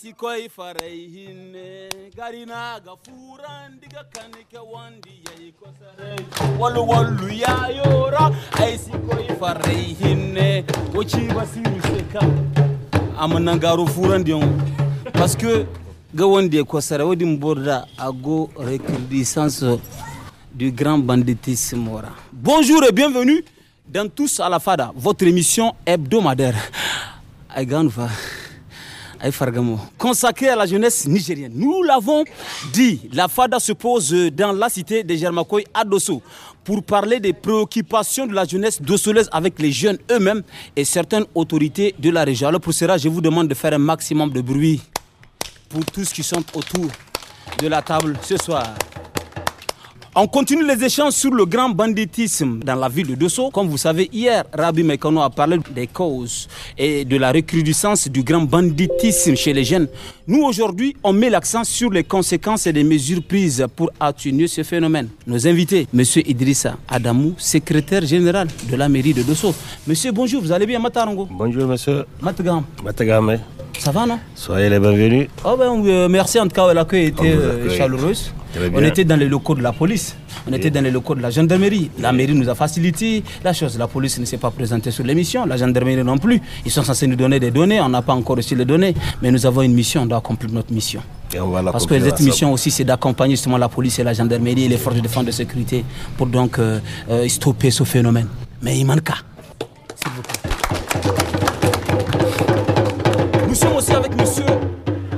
sikoi farai hinne gari na ga furan kanike wandi yayi walu walu ya yora ai sikoi farai hinne wochi basiru seka amana garu furan parce que ga wandi kosare wodi mborda ago recrudescence du grand banditisme bonjour et bienvenue dans tous à la fada votre émission hebdomadaire ai consacré à la jeunesse nigérienne. Nous l'avons dit, la FADA se pose dans la cité de Germakoy à Dosso pour parler des préoccupations de la jeunesse dossolaise avec les jeunes eux-mêmes et certaines autorités de la région. Alors pour cela, je vous demande de faire un maximum de bruit pour tous qui sont autour de la table ce soir. On continue les échanges sur le grand banditisme dans la ville de Dosso. Comme vous savez, hier, Rabbi Mekano a parlé des causes et de la recrudescence du grand banditisme chez les jeunes. Nous, aujourd'hui, on met l'accent sur les conséquences et les mesures prises pour atténuer ce phénomène. Nos invités, M. Idrissa Adamou, secrétaire général de la mairie de Dosso. Monsieur, bonjour, vous allez bien, Matarango Bonjour, monsieur. Matagam. Matagam, Ça va, non Soyez les bienvenus. Oh, ben, euh, merci en tout cas, l'accueil était oh, euh, chaleureux. Eh on était dans les locaux de la police, on était eh. dans les locaux de la gendarmerie. La eh. mairie nous a facilité la chose. La police ne s'est pas présentée sur l'émission, la gendarmerie non plus. Ils sont censés nous donner des données, on n'a pas encore reçu les données, mais nous avons une mission, on doit accomplir notre mission. Parce que cette mission aussi, c'est d'accompagner justement la police et la gendarmerie et les forces de défense de sécurité pour donc euh, euh, stopper ce phénomène. Mais il manque S'il Nous sommes aussi avec monsieur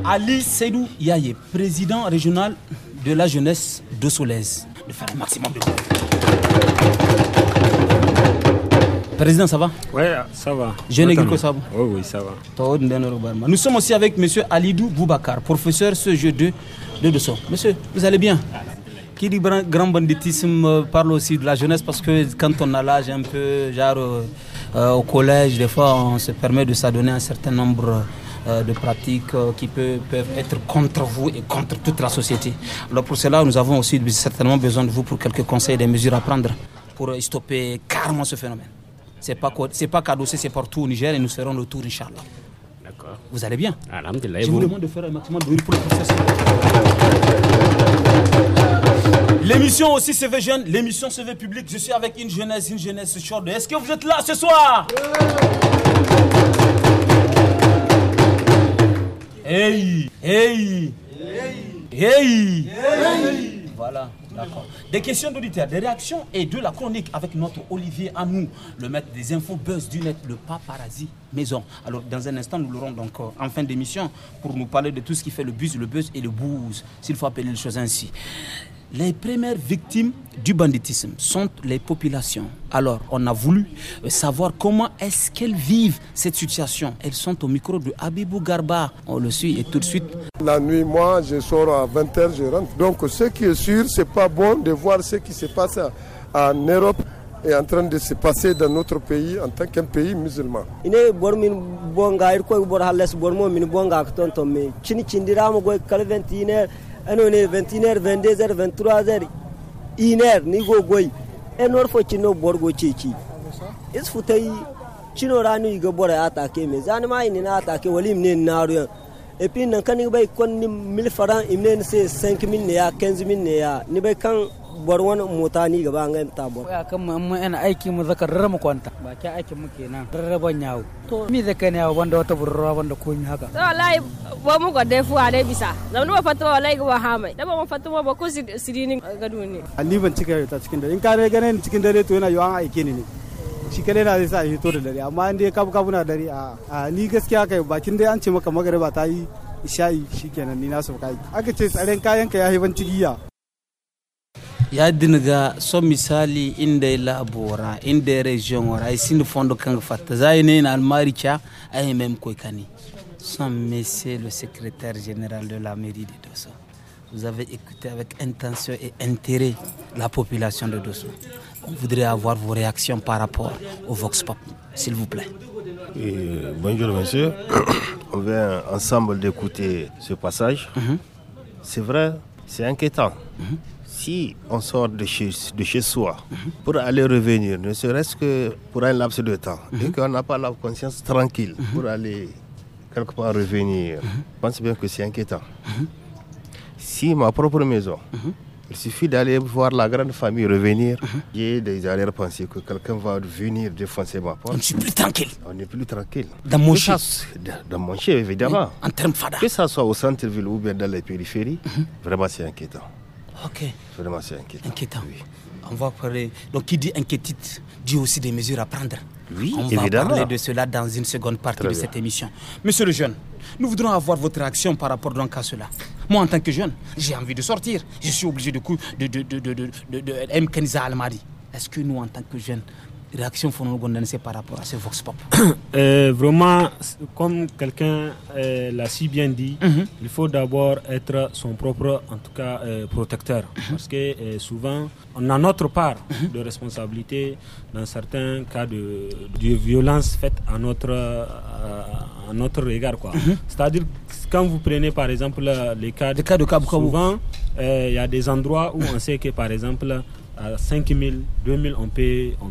Ali Seydou Yaye, président régional de la jeunesse de Soulaise. De faire maximum de Président, ça va oh Oui, ça va. Jeune quoi ça va Oui, oui, ça va. Nous sommes aussi avec M. Alidou Boubacar, professeur ce jeu de, de Monsieur, vous allez bien qui dit grand banditisme euh, parle aussi de la jeunesse parce que quand on a l'âge un peu, genre euh, euh, au collège, des fois on se permet de s'adonner à un certain nombre euh, de pratiques euh, qui peuvent être contre vous et contre toute la société. Alors pour cela, nous avons aussi certainement besoin de vous pour quelques conseils, des mesures à prendre pour stopper carrément ce phénomène. C'est pas c'est pas cadossé, c'est partout au Niger et nous ferons le tour, Inch'Allah. D'accord. Vous allez bien Je vous, demande de faire un maximum de bruit pour le L'émission aussi se veut jeune, l'émission se veut publique. Je suis avec une jeunesse, une jeunesse short. Est-ce que vous êtes là ce soir Hey Hey Hey Hey, Voilà, d'accord. Des questions d'auditeurs, des réactions et de la chronique avec notre Olivier Amou, le maître des infos buzz du net, le paparazzi maison. Alors, dans un instant, nous l'aurons donc euh, en fin d'émission pour nous parler de tout ce qui fait le buzz, le buzz et le bouse. s'il faut appeler les choses ainsi. Les premières victimes du banditisme sont les populations. Alors, on a voulu euh, savoir comment est-ce qu'elles vivent cette situation. Elles sont au micro de Abibou Garba. On le suit et tout de suite. La nuit, moi, je sors à 20h, je rentre. Donc, ce qui est sûr, c'est pas bon de voir ce qui se passe en Europe et en train de se passer dans notre pays en tant qu'un pays musulman. ne 21h 22h 23h iner ni go goy enor fo chino borgo chichi is futai chino ranu ga bora ke me zani ma ni na ke walim ne ru e pin nan kan ni bay kon ni 1000 francs imne ne 5000 ne ya 15000 ne ya ni bay kan bar wani mota ni gaba an ga ta bar ya kan mu mun ina aiki mu zaka rarra mu kwanta ba ke aikin mu kenan rarraban yawo to mi zaka ne yawo banda wata burrawa banda komi haka to wallahi ba mu ga dai fuwa dai bisa zamanu ba fatuwa wallahi ga ha mai da ba mu fatuwa ba ko sirini gado ne ni ban cika ta cikin dare in ka gane ni cikin dare to yana yawan aike ni ne shi kadai na zai sa shi to da dare amma in dai kabu kabu na dare a ni gaskiya kai bakin dai an ce maka ba ta yi shi kenan ni na sauka aka ce tsaren kayan ka ya haiban cigiya ya inda inda monsieur le secrétaire général de la mairie de Dosso vous avez écouté avec intention et intérêt la population de Dosso on voudrait avoir vos réactions par rapport au Vox Pop s'il vous plaît et bonjour monsieur on vient ensemble d'écouter ce passage mhm. c'est vrai c'est inquiétant mhm si on sort de chez, de chez soi pour aller revenir, ne serait-ce que pour un laps de temps, et mhm. qu'on n'a pas la conscience tranquille mhm. pour aller quelque part revenir, mhm. je pense bien que c'est inquiétant. Si ma propre maison, il suffit d'aller voir la grande famille revenir. J'ai des arrières pensées que quelqu'un va venir défoncer ma porte. On n'est plus tranquille. On n'est plus tranquille. Dans mon chez. Dans mon chez, évidemment. en termes fada. Que ça soit au centre-ville ou bien dans les périphéries, vraiment c'est inquiétant. Ok. Vraiment, c'est inquiétant. Inquiétant. Oui. On va parler. Donc, qui dit inquiétude dit aussi des mesures à prendre. Oui, On va parler de cela dans une seconde partie de cette émission. Monsieur le jeune, nous voudrons avoir votre réaction par rapport donc à cela. Moi, en tant que jeune, j'ai envie de sortir. Je suis obligé de, de, de, de, de, de, de, de Est-ce que nous, en tant que jeunes, réaction nous par rapport à ce vox pop euh, Vraiment, comme quelqu'un euh, l'a si bien dit, mhm. il faut d'abord être son propre, en tout cas, euh, protecteur. Mhm. Parce que souvent, on a notre part mhm. de responsabilité dans certains cas de, violence faite à notre, à, notre regard. C'est-à-dire, quand vous prenez par exemple les cas, les cas de Kabukabu, souvent... Euh, il y a des endroits où on sait que, par exemple, à 5000 2000 on peut, on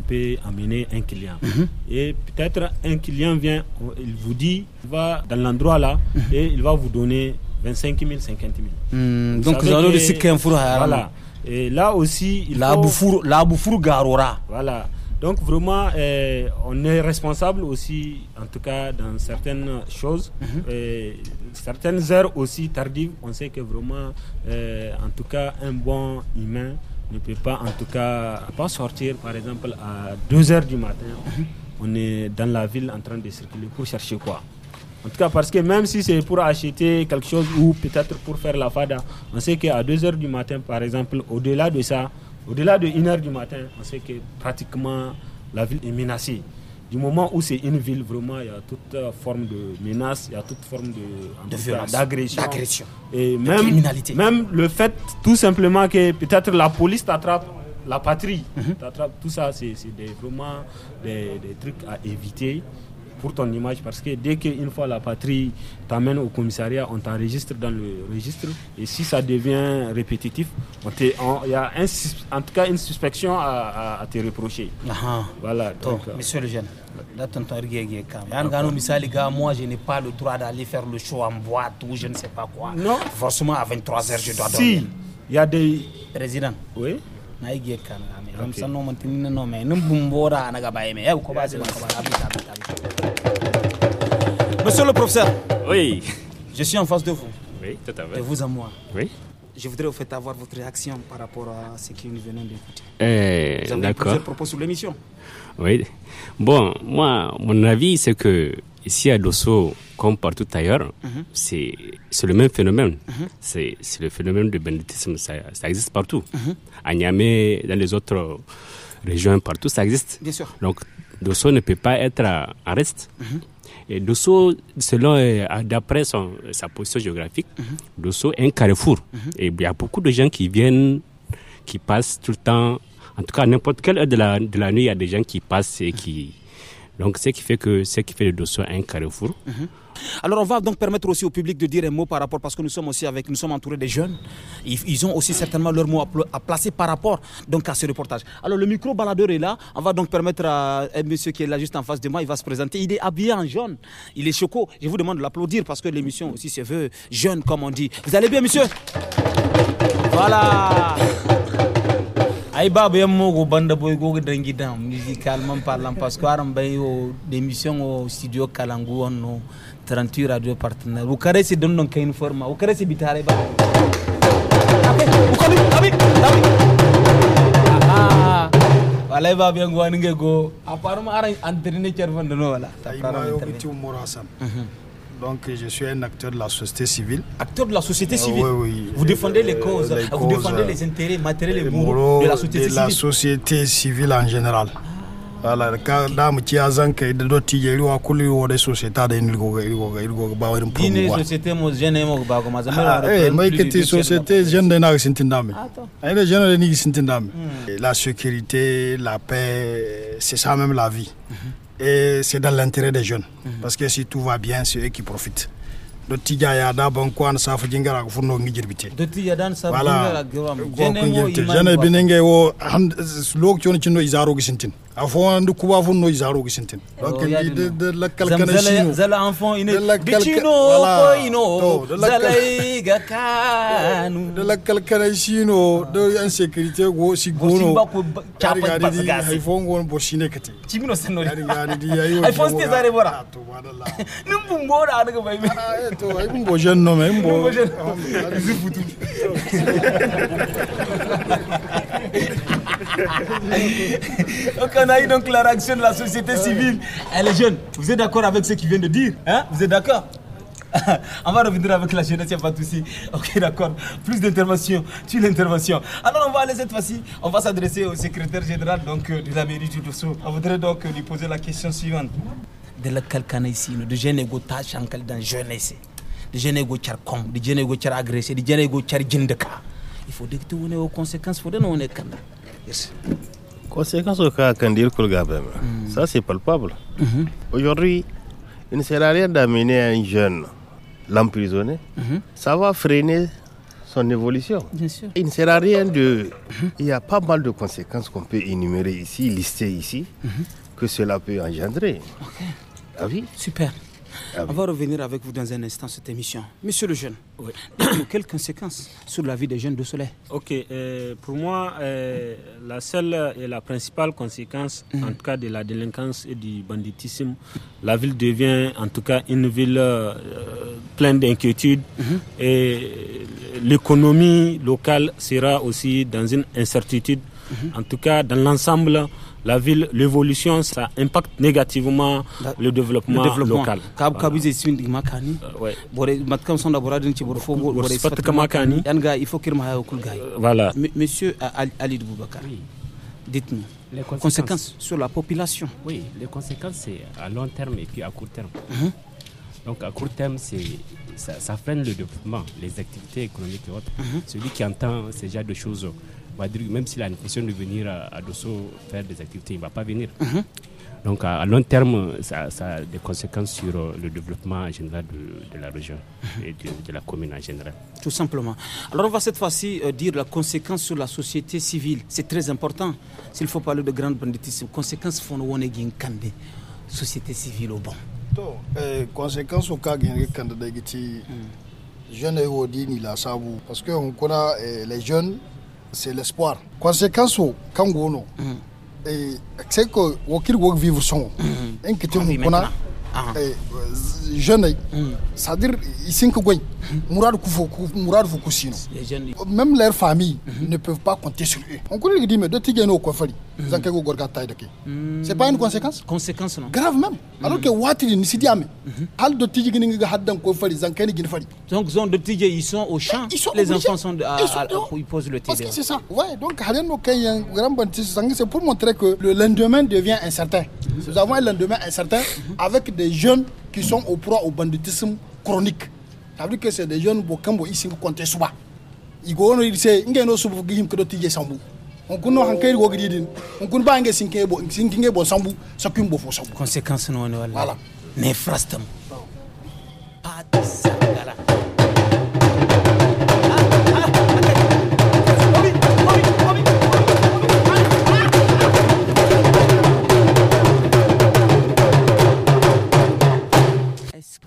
amener un client. Mhm. Mhm. Et peut-être un client vient, il vous dit, va dans l'endroit là mhm. et il va vous donner 25 000, 50 000. donc, qu'un Voilà. Et là aussi, il la faut... la bouffour garora. Voilà. Donc vraiment, euh, on est responsable aussi, en tout cas dans certaines choses, mhm. certaines heures aussi tardives. On sait que vraiment, euh, en tout cas, un bon humain ne peut pas, en tout cas, pas sortir, par exemple, à 2 heures du matin. Mhm. On est dans la ville en train de circuler pour chercher quoi. En tout cas, parce que même si c'est pour acheter quelque chose ou peut-être pour faire la fada, on sait qu'à 2 heures du matin, par exemple, au-delà de ça, au-delà de 1h du matin, on sait que pratiquement la ville est menacée. Du moment où c'est une ville, vraiment, il y a toute euh, forme de menace, il y a toute forme de, de violence, d'agression. Et même, même le fait, tout simplement, que peut-être la police t'attrape la patrie. Mhm. t'attrape, Tout ça, c'est vraiment des, trucs à éviter pour ton image parce que dès qu'une fois la patrie t'amène au commissariat, on t'enregistre dans le registre et si ça devient répétitif, il y a en tout cas une suspicion à, te reprocher. Voilà. Donc, euh, monsieur le jeune, moi je n'ai pas le droit d'aller faire le show en boîte ou je ne sais pas quoi. Non. Forcément à 23h je dois si. il y a des... présidents Oui. Monsieur le professeur. Oui. Je suis en face de vous. Oui, tout à fait. De vous à moi. Oui. Je voudrais au fait avoir votre réaction par rapport à ce que nous venons d'écouter. Eh, vous avez propos sur l'émission. Oui. Bon, moi, mon avis, c'est que ici à Dosso, comme partout ailleurs, mhm. c'est le même phénomène. Mhm. C'est le phénomène du banditisme. Ça, existe partout. Mhm. À Niamey, dans les autres régions, partout, ça existe. Bien sûr. Donc, Dosso ne peut pas être à reste. Et Dosso, selon, euh, d'après sa position géographique, mhm. Dosso est un carrefour. Mhm. Et il y a beaucoup de gens qui viennent, qui passent tout le temps, en tout cas, à n'importe quelle heure de la, de la nuit, il y a des gens qui passent et mhm. qui. Donc, ce qui fait que ce qui fait de Dosso un carrefour. Alors on va donc permettre aussi au public de dire un mot par rapport, parce que nous sommes aussi avec, nous sommes entourés des jeunes. Ils, ont aussi certainement leur mot à, placer par rapport donc à ce reportage. Alors le micro baladeur est là. On va donc permettre à un monsieur qui est là juste en face de moi, il va se présenter. Il est habillé en jaune. Il est choco. Je vous demande de l'applaudir parce que l'émission aussi se veut jeune, comme on dit. Vous allez bien, monsieur Voilà. musicalement parlant parce que au studio 38 radio partenaires bukaresi don don kain Vous bukaresi bitare ba ukami abi abi walay ba bi ngwa a go aparma ara antrine cervan no wala donc je suis un acteur de la société civile. Acteur de la société ah, civile oui, oui. Vous défendez les euh, causes, les vous défendez les intérêts matériels et moraux de la société de civile. la société civile en général. Ah wala ka dama ci azan kay da dotti je riwa kulli wode société da en ligo ga ligo ga ligo ba wani problem ni société mo jeune mo ba ko ma zama ah, eh mai ke ti société jeune de na sintin dame ay ah, ah, le jeune de ni sintin dame hmm. la sécurité la paix c'est ça même la vie hmm. et c'est dans l'intérêt des jeunes hmm. parce que si tout va bien c'est eux qui profitent dottija ya da ko kwan safu jingara ko funno ngi jirbite dottija dan safu jingara gwa ko ngente jana binenge wo lokci on cinno izaro gisintin afon andu kuba fun noy zaro gisintin donc ni de de la kalkana sino zala enfant ine gicino koino zala iga kanu de la kalkana sino de insécurité go si gono chapa pasgas ifon gon bosine kete timino senori ari di ayo ifon ste zare bora ah, eh, to wadala eh, nim bum bora adaga bay to ay bum bo jeune nom ay bum bo jeune oh, zifutu donc on a eu donc la réaction de la société civile. Elle eh, est jeune. Vous êtes d'accord avec ce qu'il vient de dire hein Vous êtes d'accord on va revenir avec la jeunesse, il n'y a pas de souci. Ok, d'accord. Plus d'interventions. Tu l'intervention. Alors, on va aller cette fois-ci. On va s'adresser au secrétaire général donc, euh, de la mairie du Dosso. On voudrait donc euh, lui poser la question suivante. De la ici, de jeune ego en dans jeunesse. De jeune ego de jeune ego agressé, de jeune ego char Il faut dire que tout est aux conséquences, il faut dire que Conséquences Conséquence au cas Kandir le gabem, mm. ça c'est palpable. Mm-hmm. Aujourd'hui, il ne sert à rien d'amener un jeune l'emprisonner. Mm-hmm. Ça va freiner son évolution. Il ne sert à rien de. Mm-hmm. Il y a pas mal de conséquences qu'on peut énumérer ici, lister ici, que cela peut engendrer. Ok. Ah oui Super. Ah On va revenir avec vous dans un instant cette émission. Monsieur le jeune, quelles conséquences sur la vie des jeunes de Soleil Ok, euh, pour moi, euh, la seule et la principale conséquence, en mhm. tout cas de la délinquance et du banditisme, la ville devient en tout cas une ville euh, pleine d'inquiétudes mhm. et l'économie locale sera aussi dans une incertitude. Mhm. En tout cas, dans l'ensemble, la ville, l'évolution, ça impacte négativement le, développement le développement local. Voilà. Monsieur Ali Boubakar, dites-nous. Les conséquences. sur la population. Oui, les conséquences, c'est à long terme et puis à court terme. Uh-huh. Donc, à court terme, ça, ça freine le développement, les activités économiques et autres. Uh-huh. Celui qui entend ces déjà de choses même si la l'intention de venir à, Dosso faire des activités, il ne va pas venir. Mhm. Donc à, long terme, ça, a des conséquences sur euh, le développement général de, la région mhm. et de, la commune en général. Tout simplement. Alors on va cette fois-ci euh, dire la conséquence sur la société civile. C'est très important. S'il faut parler de grande banditisme, conséquences font la société civile au bon. Euh, conséquences au cas au mhm. je ne vous dis ni la savou parce qu'on connaît les jeunes c'est l'espoir conséquence o kangono gono mm. eh c'est que wakir wok vivre son en kitin a ah. Eh, euh, jeune eh, hmm. c'est à dire ils sont que hmm. Mourad Mourad Foucausino même leurs familles hmm. ne peuvent pas compter sur eux on connaît dit mais de tigeno quoi au coin gorga taille c'est pas une conséquence conséquence non grave même alors que watri ni sidiame hal de tigini ngi haddan ko faire zankani donc zone de ils sont au eh, champ les enfants sont à, ils posent le tigé parce que c'est ça ouais donc halen no kayen grand bantis c'est pour montrer que le lendemain devient incertain nous avons un lendemain incertain avec des jeunes qui sont au proie au banditisme chronique. Ça veut dire que c'est des jeunes qui sont ici compté souvent. Ils ont dit que nous sommes tous les deux qui sont on kuno hankay go gidin on kun ba nge sinke bo sinke bo sambu sakum bo fo sambu conséquence non wala voilà mais frastam pas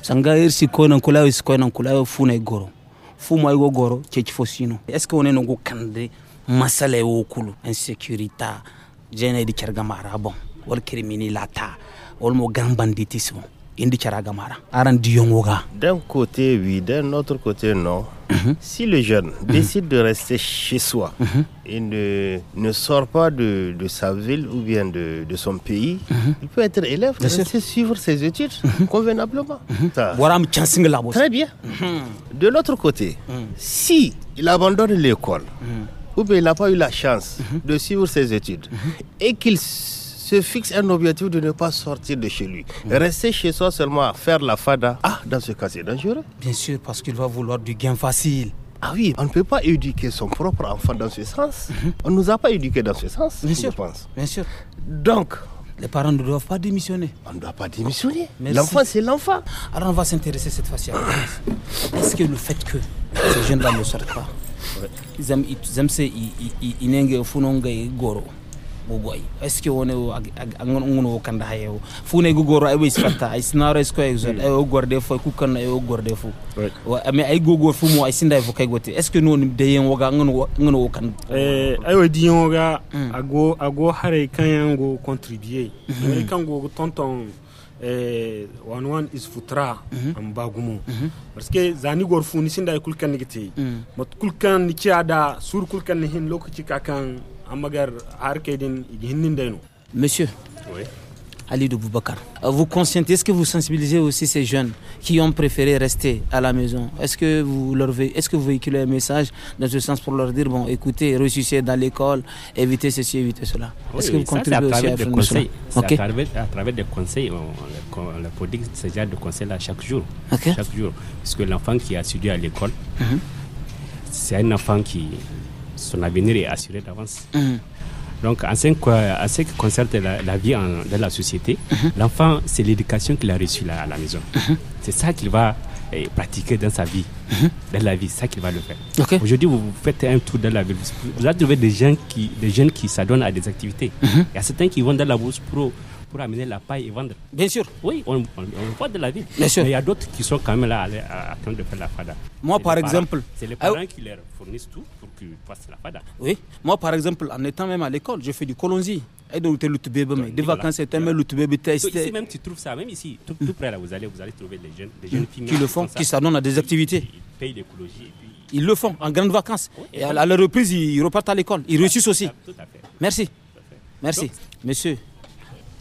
sanga ir si koynan kulayo si koynan kulayo funa goro fuma igo goro ceci fo sino est ce que wone no go kande masala e wokulu insécurité jene di cerga mara bon wol criminilata wol mo gambanditisme D'un côté, oui, d'un autre côté, non. Mhm. Si le jeune mhm. décide de rester chez soi il mhm. et ne, ne sort pas de, de, sa ville ou bien de, de son pays, il peut être élève, il rester suivre ses études convenablement. Très bien. De l'autre côté, si il abandonne l'école ou bien il n'a pas eu la chance de suivre ses études et qu'il se fixe un objectif de ne pas sortir de chez lui. Mm. Rester chez soi seulement à faire la fada, ah, dans ce cas, c'est dangereux. Bien sûr, parce qu'il va vouloir du gain facile. Ah oui, on ne peut pas éduquer son propre enfant dans ce sens. Mhm. On ne nous a pas éduqués dans ce sens, bien je pense. Bien sûr. Donc, les parents ne doivent pas démissionner. On ne doit pas démissionner. L'enfant, c'est l'enfant. Alors, on va s'intéresser cette fois-ci à Est-ce que le fait que ces jeunes-là ne sortent pas, ils aiment, ils aiment, ils ils boboy est ce que wono angon ngono kanda hayo fune go goro ay wis fatta ay snaro est ce ay o hmm. gorde fo ku kan ay o gorde fo ami ay go gor fu mo ay sinday fo kay goti est ce que non de yen woga ngono ngono kan eh ay wadi yen waga hmm. ago ago hare kan yango contribuer ay hmm. kan go tonton eh wan wan is futra am bagumo parce que zani gor fu ni sinda kul kan mot kulkan kul kan ni ciada sur kul kan ni hin lokaci kakan monsieur Ali de euh, Vous conscientez, est-ce que vous sensibilisez aussi ces jeunes qui ont préféré rester à la maison Est-ce que vous leur est-ce que véhiculez un message dans ce sens pour leur dire bon, écoutez, réussissez dans l'école, évitez ceci, évitez cela Est-ce que vous contribuez aussi à faire conseils. À, travers, des conseils, on, on, de conseils là chaque jour, chaque jour, parce que l'enfant qui a suivi à l'école, mhm. c'est un enfant qui son avenir est assuré d'avance. Mm. Donc, en ce, qui concerne la, vie dans la société, mm-hmm. l'enfant, c'est l'éducation qu'il a reçue à la maison. Mm-hmm. C'est ça qu'il va eh, pratiquer dans sa vie, mm-hmm. dans la vie, c'est ça qu'il va le faire. Aujourd'hui, vous faites un tour dans la ville, vous allez trouver des, gens qui, des jeunes qui s'adonnent à des activités. Il y a certains qui vont dans la bourse pro pour amener la paille et vendre. Bien sûr. Oui, on, voit de la vie. Mais il y a d'autres qui sont quand même là à train de faire la fada. Moi, par exemple. C'est les ah parents qui leur fournissent tout pour qu'ils fassent la fada. Oui. Moi, par exemple, en étant même à l'école, je fais du colonzi. Et donc, tu es mais des vacances, tu es Ici même, tu trouves ça, même ici, tout, près là, vous allez, vous allez trouver des jeunes, des jeunes mmh. filles qui le font, qui s'adonnent à des activités. Ils, payent l'écologie et puis ils le font en grande vacances. et, à, la reprise, ils repartent à l'école. Ils réussissent aussi. Tout à fait. Merci. Merci. Monsieur,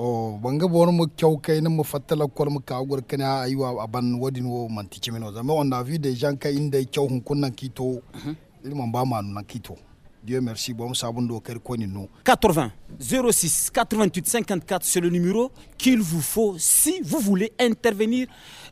Oh, ban banga bon mu kyau kai na mu fatala kol mo kawgur kana a aban wadin wo mantichimino zama on a vu des gens kay inde kyaw hun kunnan kito mhm. ilman ba ma nan kito Dieu merci, bon, ça nous. 80 06 88 54, c'est le numéro qu'il vous faut si vous voulez intervenir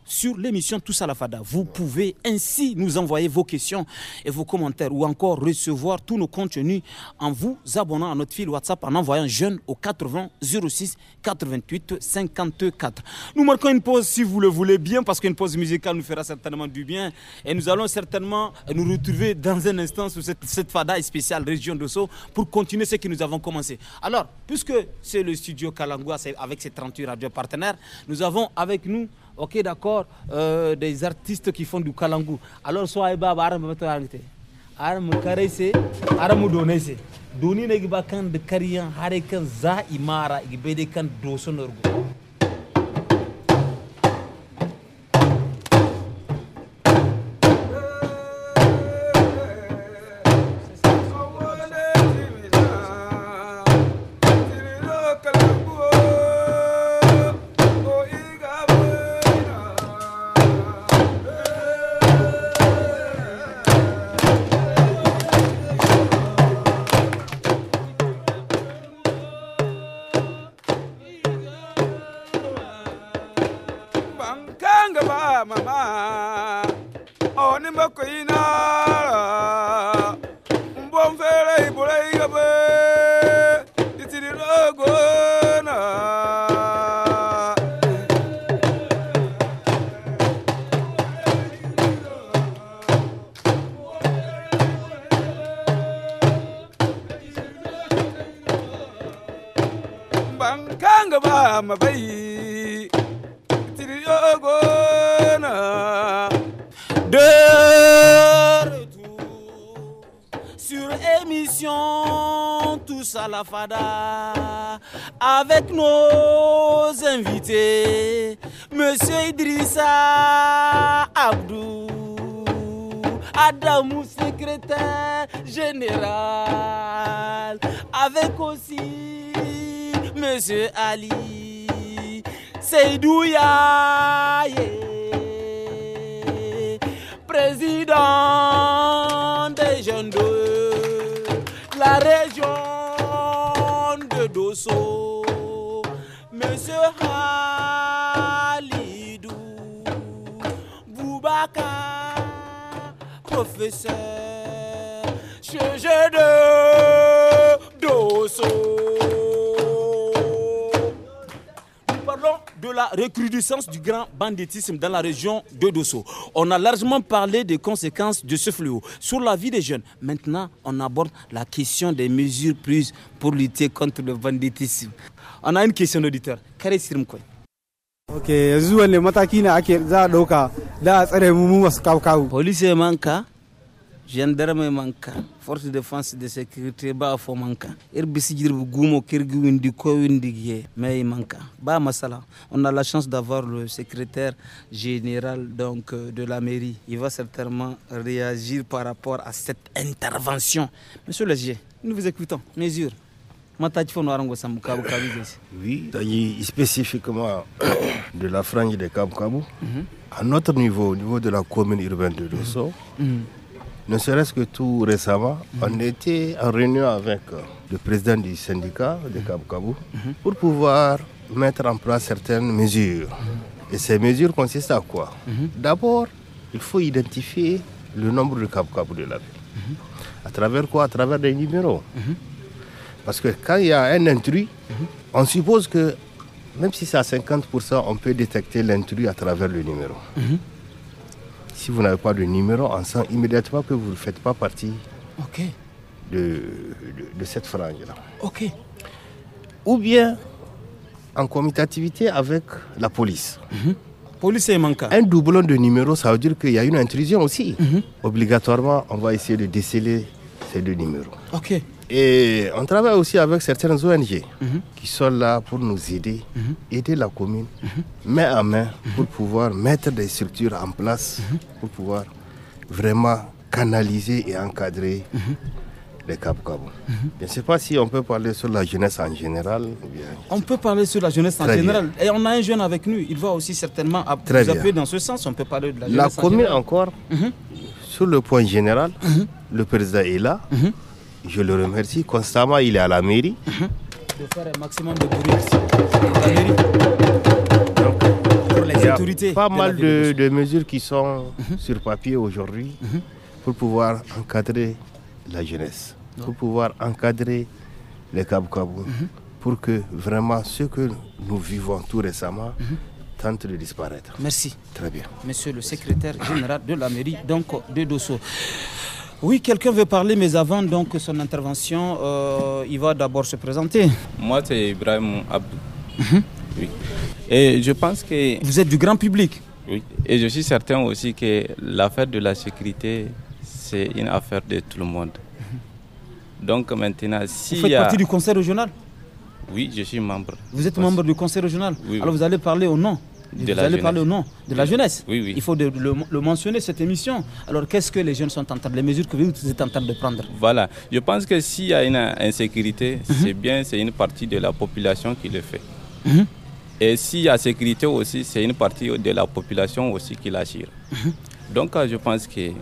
sur l'émission Tous à la Fada. Vous pouvez ainsi nous envoyer vos questions et vos commentaires ou encore recevoir tous nos contenus en vous abonnant à notre fil WhatsApp en envoyant jeune au 80 06 88 54. Nous marquons une pause si vous le voulez bien parce qu'une pause musicale nous fera certainement du bien et nous allons certainement nous retrouver dans un instant sur cette Fada spéciale région de Sceaux pour continuer ce que nous avons commencé. Alors, puisque c'est le studio Kalangua avec ses 38 radios partenaires, nous avons avec nous ok d'accord euh, des artistes qui font du kalangu alors soit baba aram bata arangte aram karese aram donese doni ne kan de kariyan hare kan za imara gibe kan mama onímọ̀kọ́ yìí náà. Monsieur Ali Seydouya, président des jeunes de la région de Dosso, Monsieur Halidou Boubacar, professeur. recrudescence du grand banditisme dans la région de Dosso. On a largement parlé des conséquences de ce fléau sur la vie des jeunes. Maintenant, on aborde la question des mesures prises pour lutter contre le banditisme. On a une question d'auditeur. Kare Ok, a Police manka gendarme manka force de défense de sécurité ba fo manka er gumo mais manka ba on a la chance d'avoir le secrétaire général donc euh, de la mairie il va certainement réagir par rapport à cette intervention monsieur le G, nous vous écoutons mesure oui, il spécifiquement de la frange de la Kabou. Mhm. À notre niveau, au niveau de la commune urbaine de Dosso, mhm. Mhm. Ne serait-ce que tout récemment, on mhm. était en réunion avec euh, le président du syndicat de mhm. Kabou mhm. pour pouvoir mettre en place certaines mesures. Et ces mesures consistent à quoi D'abord, il faut identifier le nombre de Kabo de la ville. À travers quoi À travers des numéros. Parce que quand il y a un intrus, on suppose que même si c'est à 50%, on peut détecter l'intrus à travers le numéro. Si vous n'avez pas de numéro, on sent immédiatement que vous ne faites pas partie de, cette frange-là. Ok. Ou bien en commutativité avec la police. Mhm. Police est manquant. Un doublon de numéro, ça veut dire qu'il y a une intrusion aussi. Mhm. Obligatoirement, on va essayer de déceler ces deux numéros. Ok. Et on travaille aussi avec certaines ONG mhm. qui sont là pour nous aider, mhm. aider la commune, mhm. main à main, pour pouvoir mettre des structures en place, pour pouvoir vraiment canaliser et encadrer les Cap Cabo. Je ne sais pas si on peut parler sur la jeunesse en général. On peut parler sur la jeunesse en général. Et on a un jeune avec nous, il va aussi certainement Très dans ce sens. On peut parler de la jeunesse. La commune encore, sur le point général, le président est là. Je le remercie constamment. Il est à la mairie. De faire un maximum de bruit. pour les il y a pas mal de, mesures qui sont mhm. sur papier aujourd'hui mhm. pour pouvoir encadrer la jeunesse, pour pouvoir encadrer les Cab mhm. pour que vraiment ce que nous vivons tout récemment tente de disparaître. Merci. Très bien. Monsieur le secrétaire général de la mairie, donc de Dosso. Oui, quelqu'un veut parler, mais avant donc son intervention, euh, il va d'abord se présenter. Moi, c'est Ibrahim Abdou. Mhm. oui. Et je pense que... Vous êtes du grand public Oui. Et je suis certain aussi que l'affaire de la sécurité, c'est une affaire de tout le monde. Mhm. Donc maintenant, si... Vous faites partie du conseil régional Oui, je suis membre. Vous êtes membre du conseil régional oui, Alors vous allez parler au nom de vous allez parler au nom de la jeunesse. Oui, oui. Il faut le, mentionner, cette émission. Alors, qu'est-ce que les jeunes sont en train de... Les mesures que vous êtes en train de prendre Voilà. Je pense que s'il y a une insécurité, mhm. c'est bien, c'est une partie de la population qui le fait. Mhm. Et s'il y a sécurité aussi, c'est une partie de la population aussi qui l'agit. Mhm. Donc, euh, je pense qu'il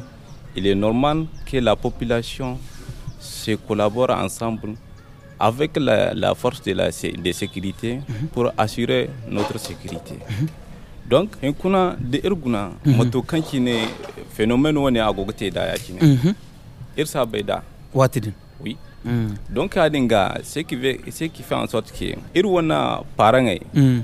est normal que la population se collabore ensemble avec la, la force de, la, de sécurité mhm. pour assurer notre sécurité. Mhm. donc in kuna da irguna er matukanki mhm. ne phénomène wani agogote da ya ne irsa er bai da watidin oui mm. donc adin Dinga, ce qui fait en sorte que irwana er wana parangai mm.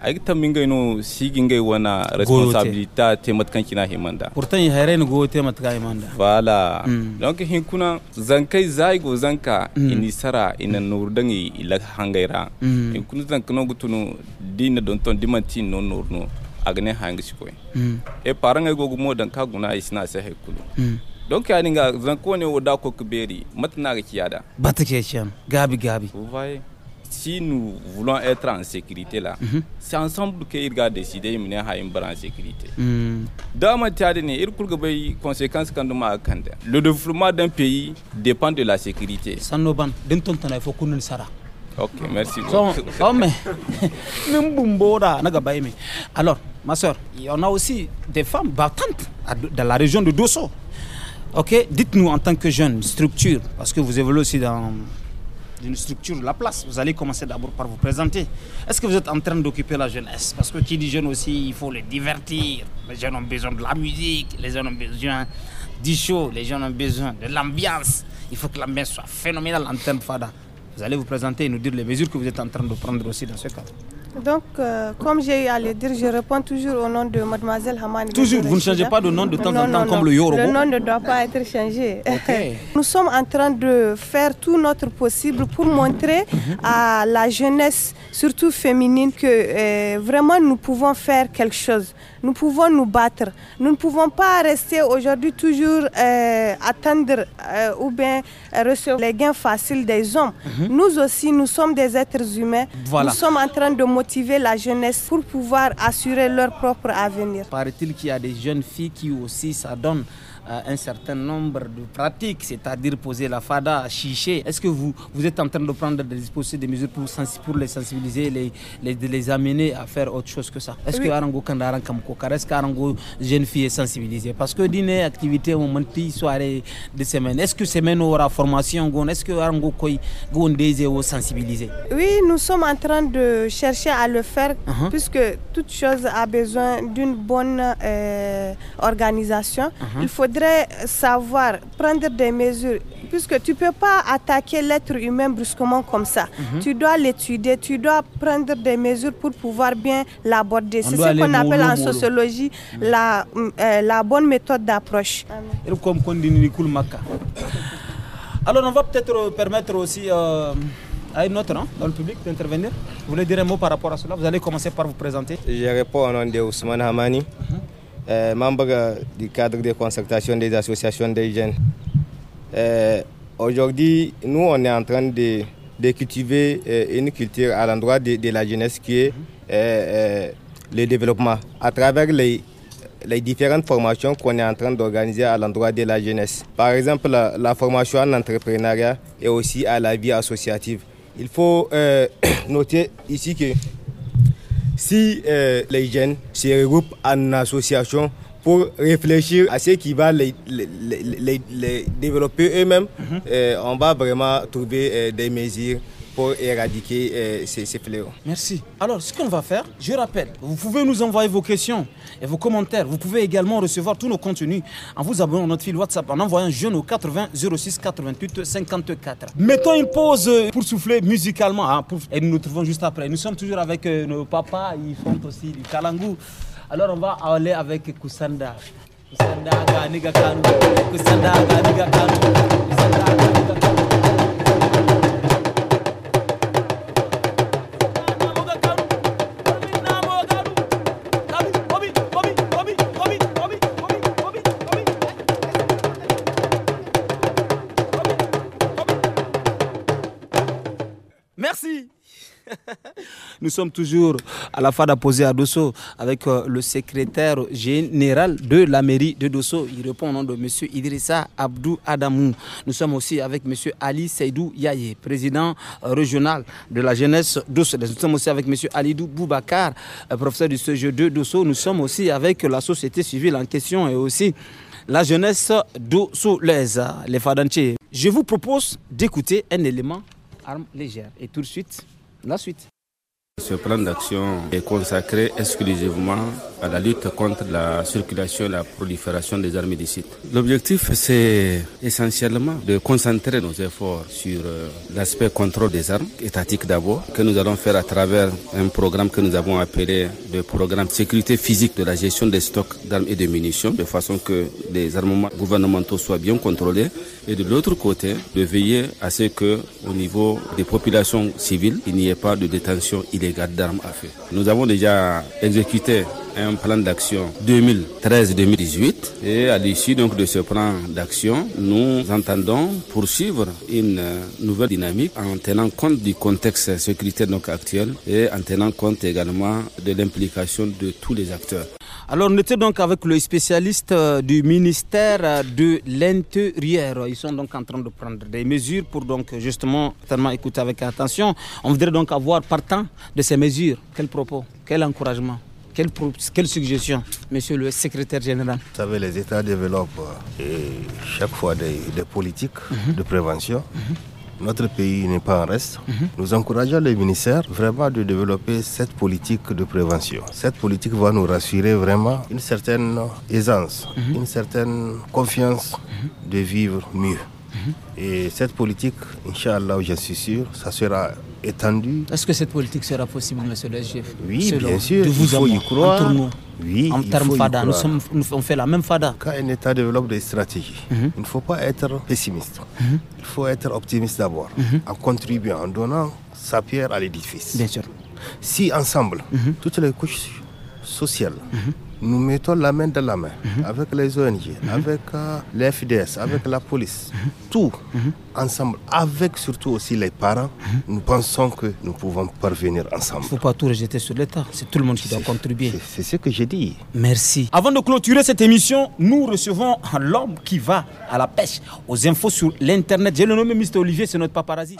ay tamin gay no sigingay wana responsabilité te matkan kina himanda pourtant yi hayre no gote matka himanda voilà mm. donc hin kuna zankai zai go zanka hmm. ini sara ina hmm. nurdangi dangi ila hangaira mm. hin kuna zanka no gutunu dina don ton dimanti no nur no agne hangi sikoy hmm. e parang ego gumo dan ka guna isna sai haykulu donc yani ga zanko ne woda ko kberi matna ga kiyada batake shem gabi gabi vai si nous voulons être en sécurité là, mhm. c'est ensemble qu'il a décidé de mener à une en sécurité. Mhm. Dans ma il y a des conséquences quand Le développement d'un pays dépend de la sécurité. Sanoban, d'un il faut qu'on Ok, merci. beaucoup. oh mais, même Bumbora, Alors, ma soeur, il y en a aussi des femmes battantes dans la région de Dosso. Ok, dites-nous en tant que jeune structure, parce que vous évoluez aussi dans une structure la place. Vous allez commencer d'abord par vous présenter. Est-ce que vous êtes en train d'occuper la jeunesse Parce que qui dit jeune aussi, il faut les divertir. Les jeunes ont besoin de la musique, les jeunes ont besoin du show, les jeunes ont besoin de l'ambiance. Il faut que l'ambiance soit phénoménale en termes fada. Vous allez vous présenter et nous dire les mesures que vous êtes en train de prendre aussi dans ce cadre. Donc, euh, comme j'ai eu à le dire, je réponds toujours au nom de Mademoiselle Hamane. Toujours, vous ne changez pas de nom de temps en temps comme le Yoruba Le nom ne doit pas être changé. Nous sommes en train de faire tout notre possible pour montrer à la jeunesse, surtout féminine, que euh, vraiment nous pouvons faire quelque chose nous pouvons nous battre. Nous ne pouvons pas rester aujourd'hui toujours euh, attendre euh, ou bien euh, recevoir les gains faciles des hommes. Mhm. Nous aussi, nous sommes des êtres humains. Nous sommes en train de motiver la jeunesse pour pouvoir assurer leur propre avenir. Paraît-il qu'il y a des jeunes filles qui aussi s'adonnent euh, un certain nombre de pratiques, c'est-à-dire poser la fada, chicher. Est-ce que vous, vous êtes en train de prendre des dispositions, des mesures pour, pour les sensibiliser, les, les, amener à faire autre chose que ça Est-ce que Arango Kandaran Kamkokar, est-ce qu'Arango jeune fille est sensibilisée Parce que dîner, activité, moment, soirée de semaine, est-ce que semaine aura formation Est-ce que Arango Koy Gondézé est sensibiliser Oui, nous sommes en train de chercher à le faire uh-huh. puisque toute chose a besoin d'une bonne euh, organisation. Uh-huh. Il faut voudrais savoir, prendre des mesures, puisque tu peux pas attaquer l'être humain brusquement comme ça. Mhm. Tu dois l'étudier, tu dois prendre des mesures pour pouvoir bien l'aborder. C'est ce qu'on appelle en sociologie mhm. la, euh, euh, la bonne méthode d'approche. Alors on va peut-être euh, permettre aussi... à une autre hein, dans le public d'intervenir. Vous voulez dire un mot par rapport à cela Vous allez commencer par vous présenter. Je réponds au nom de Ousmane Hamani. Mhm. Eh, membre du cadre de concertation des associations des jeunes. Eh, aujourd'hui, nous, on est en train de, de cultiver eh, une culture à l'endroit de, de, la jeunesse qui est le développement à travers les, les différentes formations qu'on est en train d'organiser à l'endroit de la jeunesse. Par exemple, la, formation en entrepreneuriat et aussi à la vie associative. Il faut noter ici que si euh, les jeunes se regroupent en association pour réfléchir à ce qui va les, développer eux-mêmes, mhm. euh, on va vraiment trouver euh, des mesures pour éradiquer ces, fléaux. Merci. Alors, ce qu'on va faire, je rappelle, vous pouvez nous envoyer vos questions et vos commentaires. Vous pouvez également recevoir tous nos contenus en vous abonnant à notre fil WhatsApp en envoyant jeune au 80 06 Mettons une pause pour souffler musicalement et nous nous trouvons juste après. Nous sommes toujours avec nos papas, ils font aussi du kalangu. Alors, on va aller avec Kusanda. Nous sommes toujours à la fin d'apposer à Dosso avec euh, le secrétaire général de la mairie de Dosso. Il répond au nom de M. Idrissa Abdou Adamou. Nous sommes aussi avec M. Ali Seydou Yaye, président euh, régional de la jeunesse Dosso. Nous sommes aussi avec M. Alidou Boubacar, euh, professeur du CGE de Dosso. Nous sommes aussi avec la société civile en question et aussi la jeunesse DOSSO. les Fadantiers. Je vous propose d'écouter un élément arme légère et tout de suite, la suite. Ce plan d'action est consacré exclusivement à la lutte contre la circulation et la prolifération des armes illicites. L'objectif, c'est essentiellement de concentrer nos efforts sur euh, l'aspect contrôle des armes, étatiques d'abord, que nous allons faire à travers un programme que nous avons appelé le programme sécurité physique de la gestion des stocks d'armes et de munitions, de façon que les armements gouvernementaux soient bien contrôlés, et de l'autre côté, de veiller à ce que, au niveau des populations civiles, il n'y ait pas de détention illégale d'armes à Nous avons déjà exécuté un plan d'action 2013-2018 et à l'issue donc de ce plan d'action, nous entendons poursuivre une nouvelle dynamique en tenant compte du contexte sécuritaire donc actuel et en tenant compte également de l'implication de tous les acteurs. Alors, on était donc avec le spécialiste euh, du ministère euh, de l'Intérieur. Ils sont donc en train de prendre des mesures pour donc justement tellement écouter avec attention. On voudrait donc avoir partant de ces mesures quel propos, quel encouragement. Quelle, quelle suggestion, monsieur le secrétaire général Vous savez, les États développent euh, chaque fois des, politiques mhm. de prévention. Mhm. Notre pays n'est pas en reste. Mhm. Nous encourageons les ministères vraiment de développer cette politique de prévention. Cette politique va nous rassurer vraiment une certaine aisance, mhm. une certaine confiance mhm. de vivre mieux. Et cette politique, Inch'Allah, je suis sûr, ça sera étendue. Est-ce que cette politique sera possible, monsieur le chef Oui, bien sûr, il faut y croire. Oui, en termes fada. Nous, on fait la même fada. Quand un État développe des stratégies, mhm. il ne faut pas être pessimiste. Mhm. Il faut être optimiste d'abord, mhm. en contribuant, en donnant sa pierre à l'édifice. Bien sûr. Si ensemble, toutes les couches sociales nous mettons la main dans la main mhm. avec les ONG, mhm. avec euh, les FDS, mhm. avec la police, tout ensemble, avec surtout aussi les parents, nous pensons que nous pouvons parvenir ensemble. Il ne faut pas tout rejeter sur l'État, c'est tout le monde qui doit contribuer. C'est ce que j'ai dit. Merci. Avant de clôturer cette émission, nous recevons l'homme qui va à la pêche, aux infos sur l'Internet. J'ai le nommé Mr. Olivier, c'est notre paparazzi.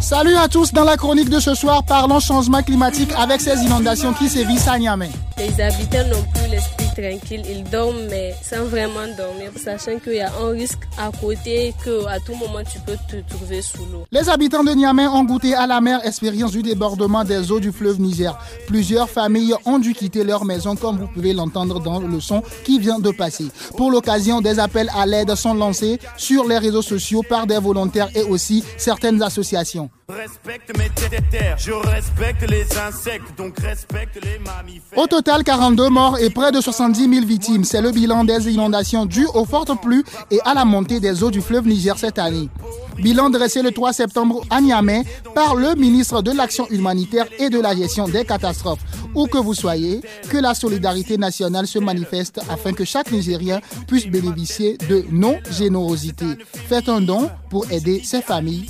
Salut à tous dans la chronique de ce soir, parlons changement climatique avec ces inondations qui sévissent à Niamey. Les habitants n'ont plus l'esprit tranquille, ils dorment mais sans vraiment dormir, sachant qu'il y a un risque à côté et qu'à tout moment tu peux te trouver sous l'eau. Les habitants de Niamey ont goûté à la mer expérience du débordement des eaux du fleuve Niger. Plusieurs familles ont dû quitter leur maison comme vous pouvez l'entendre dans le son qui vient de passer. Pour l'occasion, des appels à l'aide sont lancés sur les réseaux sociaux par des volontaires et aussi certaines associations. Respecte mes terres, je respecte les insectes, donc respecte les mammifères. Au total, 42 morts et près de 70 000 victimes. C'est le bilan des inondations dues aux fortes pluies et à la montée des eaux du fleuve Niger cette année. Bilan dressé le 3 septembre à Niamey par le ministre de l'Action humanitaire et de la gestion des catastrophes. Où que vous soyez, que la solidarité nationale se manifeste afin que chaque Nigérien puisse bénéficier de nos générosités. Faites un don pour aider ses familles.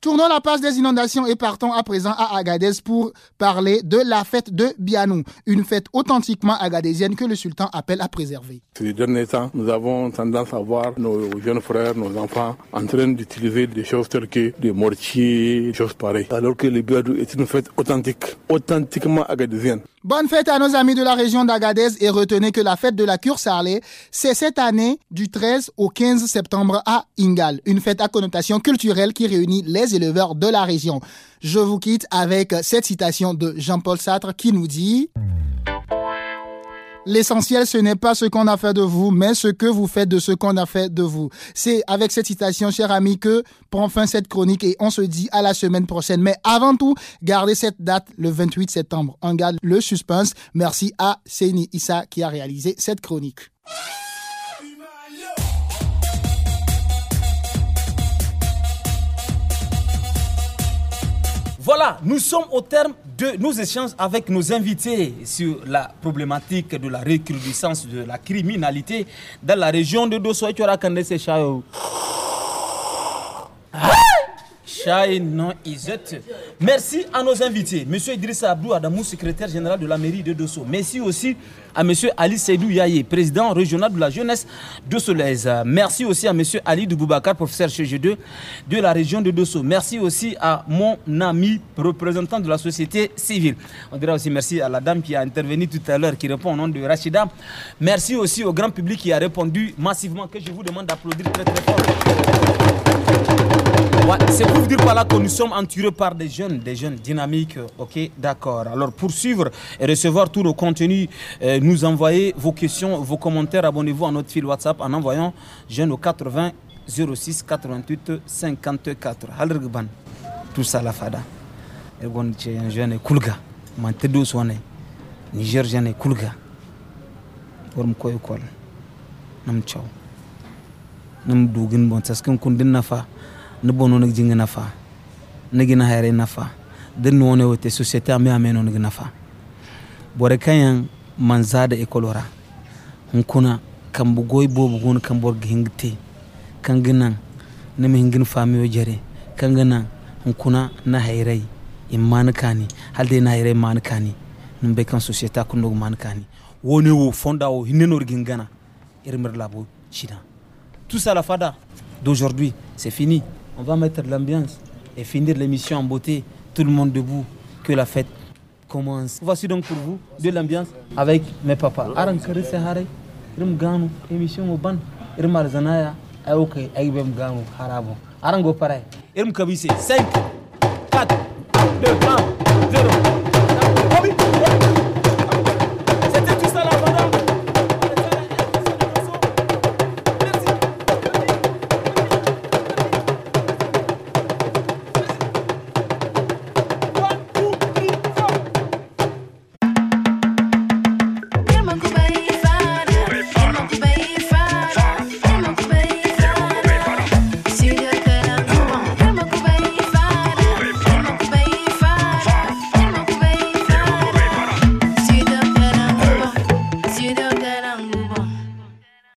Tournons la page des inondations et partons à présent à Agadez pour parler de la fête de Bianou, une fête authentiquement agadésienne que le sultan appelle à préserver. Ces derniers temps, nous avons tendance à voir nos nos jeunes frères, nos enfants, en train d'utiliser des choses telles des mortiers, des choses pareilles. Alors que le Biadou est une fête authentique, authentiquement agadésienne. Bonne fête à nos amis de la région d'Agadez et retenez que la fête de la cure sarlé c'est cette année du 13 au 15 septembre à Ingal, une fête à connotation culturelle qui réunit les éleveurs de la région. Je vous quitte avec cette citation de Jean-Paul Sartre qui nous dit... L'essentiel, ce n'est pas ce qu'on a fait de vous, mais ce que vous faites de ce qu'on a fait de vous. C'est avec cette citation, cher ami, que prend fin cette chronique et on se dit à la semaine prochaine. Mais avant tout, gardez cette date, le 28 septembre. On garde le suspense. Merci à Seni Issa qui a réalisé cette chronique. Voilà, nous sommes au terme de nos échanges avec nos invités sur la problématique de la recrudescence de la criminalité dans la région de Dosso et Merci à nos invités, Monsieur Idrissa Abdou Adamou, secrétaire général de la mairie de Dosso. Merci aussi à M. Ali Seydou Yaye, président régional de la jeunesse de Merci aussi à M. Ali Douboubakar, professeur CG2 de la région de Dosso. Merci aussi à mon ami représentant de la société civile. On dira aussi merci à la dame qui a intervenu tout à l'heure, qui répond au nom de Rachida. Merci aussi au grand public qui a répondu massivement, que je vous demande d'applaudir très très fort c'est pour vous dire par là que nous sommes entourés par des jeunes, des jeunes dynamiques. Ok, d'accord. Alors pour suivre et recevoir tout le contenu, euh, nous envoyez vos questions, vos commentaires, abonnez-vous à notre fil WhatsApp en envoyant jeune au 80 06 88 54. tout ça la fada. Et Niger jeune Nam bon, ne bono ne jinga nafa ne gina hayre nafa den no wote societe ame ame non ne nafa bore kayan zada e kolora kuna e e kan bu goy bobu gon kan bor gingte kan gina ne me hingin famiyo jere kan hun kuna na imman kani hal de na man kani num be kan societe ko no kani woni wo fonda wo hinenor gingana irmir labo china tout ça la fada d'aujourd'hui c'est fini on va mettre l'ambiance et finir l'émission en beauté, tout le monde debout, que la fête commence. Voici donc pour vous de l'ambiance avec mes papas. Aran kare sahare, gano, émission au ban, irim arzanaya, gano, harabo. Aran pareil, 5.